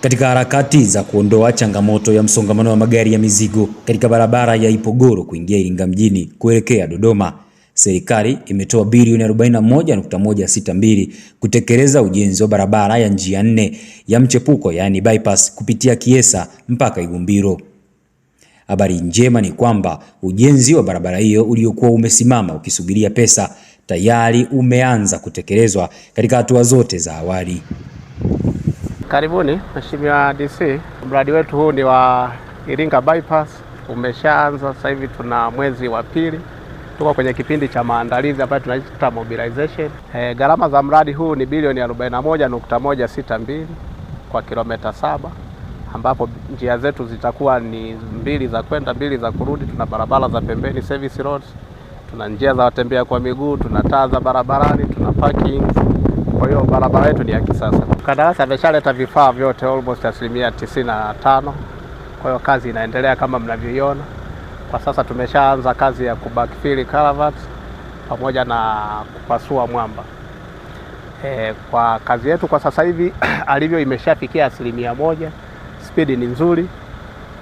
katika harakati za kuondoa changamoto ya msongamano wa magari ya mizigo katika barabara ya Ipogoro kuingia Iringa mjini kuelekea Dodoma. Serikali imetoa bilioni 41.162 kutekeleza ujenzi wa barabara ya njia nne ya mchepuko yaani bypass kupitia Kiesa mpaka Igumbiro. Habari njema ni kwamba ujenzi wa barabara hiyo uliokuwa umesimama ukisubiria pesa tayari umeanza kutekelezwa katika hatua zote za awali. Karibuni Mheshimiwa DC, mradi wetu huu ni wa Iringa bypass umeshaanza sasa hivi, tuna mwezi wa pili, tuko kwenye kipindi cha maandalizi ambayo tunaita mobilization. E, gharama za mradi huu ni bilioni 41.162 kwa kilomita saba, ambapo njia zetu zitakuwa ni mbili za kwenda, mbili za kurudi. Tuna barabara za pembeni service roads, tuna njia za watembea kwa miguu, tuna taa za barabarani, tuna parking kwa hiyo barabara yetu ni ya kisasa. Mkandarasi ameshaleta vifaa vyote almost asilimia tisini na tano. Kwa hiyo kazi inaendelea kama mnavyoiona kwa sasa. Tumeshaanza kazi ya kubakfili culverts pamoja na kupasua mwamba. E, kwa kazi yetu kwa sasa hivi alivyo imeshafikia asilimia moja. Spidi ni nzuri,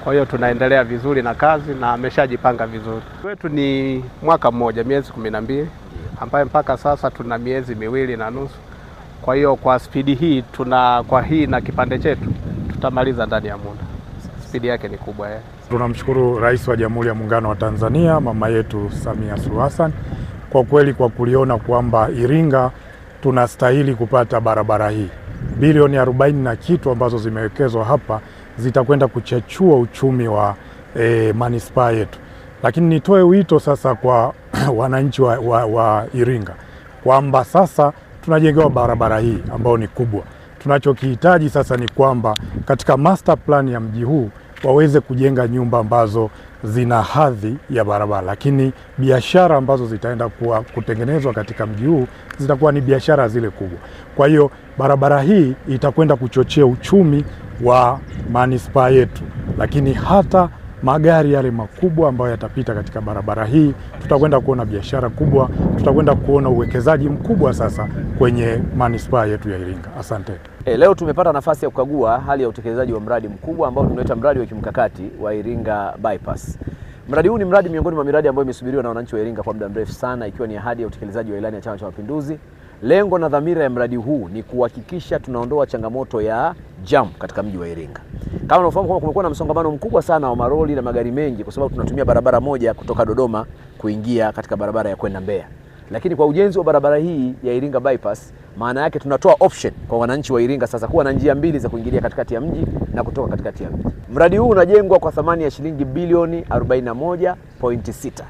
kwa hiyo tunaendelea vizuri na kazi na ameshajipanga vizuri. Wetu ni mwaka mmoja miezi kumi na mbili ambaye mpaka sasa tuna miezi miwili na nusu. Kwa hiyo kwa spidi hii tuna kwa hii na kipande chetu tutamaliza ndani ya muda, spidi yake ni kubwa eh. Tunamshukuru Rais wa Jamhuri ya Muungano wa Tanzania mama yetu Samia Suluhu Hassan kwa kweli kwa kuliona kwamba Iringa tunastahili kupata barabara hii. Bilioni arobaini na kitu ambazo zimewekezwa hapa zitakwenda kuchachua uchumi wa e, manispaa yetu, lakini nitoe wito sasa kwa wananchi wa, wa, wa Iringa kwamba sasa tunajengewa barabara hii ambayo ni kubwa. Tunachokihitaji sasa ni kwamba katika master plan ya mji huu waweze kujenga nyumba ambazo zina hadhi ya barabara, lakini biashara ambazo zitaenda kuwa kutengenezwa katika mji huu zitakuwa ni biashara zile kubwa. Kwa hiyo barabara hii itakwenda kuchochea uchumi wa manispaa yetu, lakini hata magari yale makubwa ambayo yatapita katika barabara hii. Tutakwenda kuona biashara kubwa, tutakwenda kuona uwekezaji mkubwa sasa kwenye manispaa yetu ya Iringa. Asante. E, leo tumepata nafasi ya kukagua hali ya utekelezaji wa mradi mkubwa ambao tunaita mradi wa kimkakati wa Iringa Bypass. Mradi huu ni mradi miongoni mwa miradi ambayo imesubiriwa na wananchi wa Iringa kwa muda mrefu sana, ikiwa ni ahadi ya utekelezaji wa ilani ya Chama cha Mapinduzi Lengo na dhamira ya mradi huu ni kuhakikisha tunaondoa changamoto ya jam katika mji wa Iringa. Kama unafahamu kwamba kumekuwa na msongamano mkubwa sana wa maroli na magari mengi, kwa sababu tunatumia barabara moja kutoka Dodoma kuingia katika barabara ya kwenda Mbeya, lakini kwa ujenzi wa barabara hii ya Iringa bypass, maana yake tunatoa option kwa wananchi wa Iringa sasa kuwa na njia mbili za kuingilia katikati ya mji na kutoka katikati ya mji. Mradi huu unajengwa kwa thamani ya shilingi bilioni 41.6.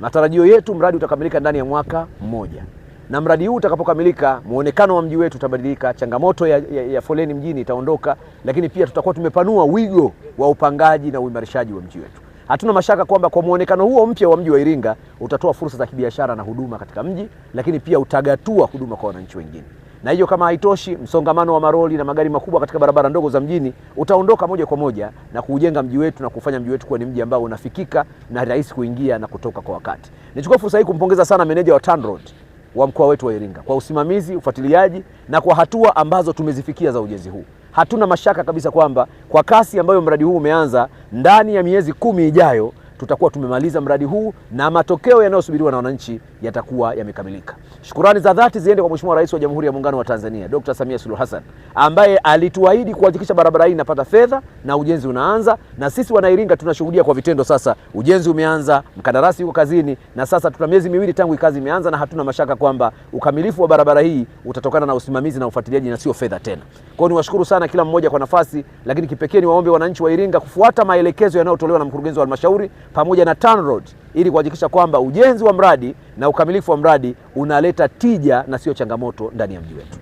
Matarajio yetu mradi utakamilika ndani ya mwaka mmoja na mradi huu utakapokamilika, muonekano wa mji wetu utabadilika, changamoto ya, ya, ya foleni mjini itaondoka, lakini pia tutakuwa tumepanua wigo wa upangaji na uimarishaji wa mji wetu. Hatuna mashaka kwamba kwa muonekano huo mpya wa mji wa Iringa utatoa fursa za kibiashara na huduma katika mji, lakini pia utagatua huduma kwa wananchi wengine. Na hiyo kama haitoshi, msongamano wa maroli na magari makubwa katika barabara ndogo za mjini utaondoka moja kwa moja na kuujenga mji wetu na kufanya mji wetu kuwa ni mji ambao unafikika na rahisi kuingia na kutoka kwa wakati. Nichukua fursa hii kumpongeza sana meneja wa TANROADS wa mkoa wetu wa Iringa kwa usimamizi, ufuatiliaji na kwa hatua ambazo tumezifikia za ujenzi huu. Hatuna mashaka kabisa kwamba kwa kasi ambayo mradi huu umeanza, ndani ya miezi kumi ijayo tutakuwa tumemaliza mradi huu na matokeo yanayosubiriwa na wananchi yatakuwa yamekamilika. Shukurani za dhati ziende kwa Mheshimiwa Rais wa Jamhuri ya Muungano wa Tanzania Dr. Samia Suluhu Hassan ambaye alituahidi kuhakikisha barabara hii inapata fedha na ujenzi unaanza, na sisi Wanairinga tunashuhudia kwa vitendo sasa. Ujenzi umeanza, mkandarasi yuko kazini, na sasa tuna miezi miwili tangu kazi imeanza, na hatuna mashaka kwamba ukamilifu wa barabara hii utatokana na usimamizi na ufuatiliaji na sio fedha tena. Kwa hiyo niwashukuru sana kila mmoja kwa nafasi, lakini kipekee niwaombe wananchi wa Iringa kufuata maelekezo yanayotolewa na mkurugenzi wa halmashauri pamoja na TANROADS ili kuhakikisha kwamba ujenzi wa mradi na ukamilifu wa mradi unaleta tija na sio changamoto ndani ya mji wetu.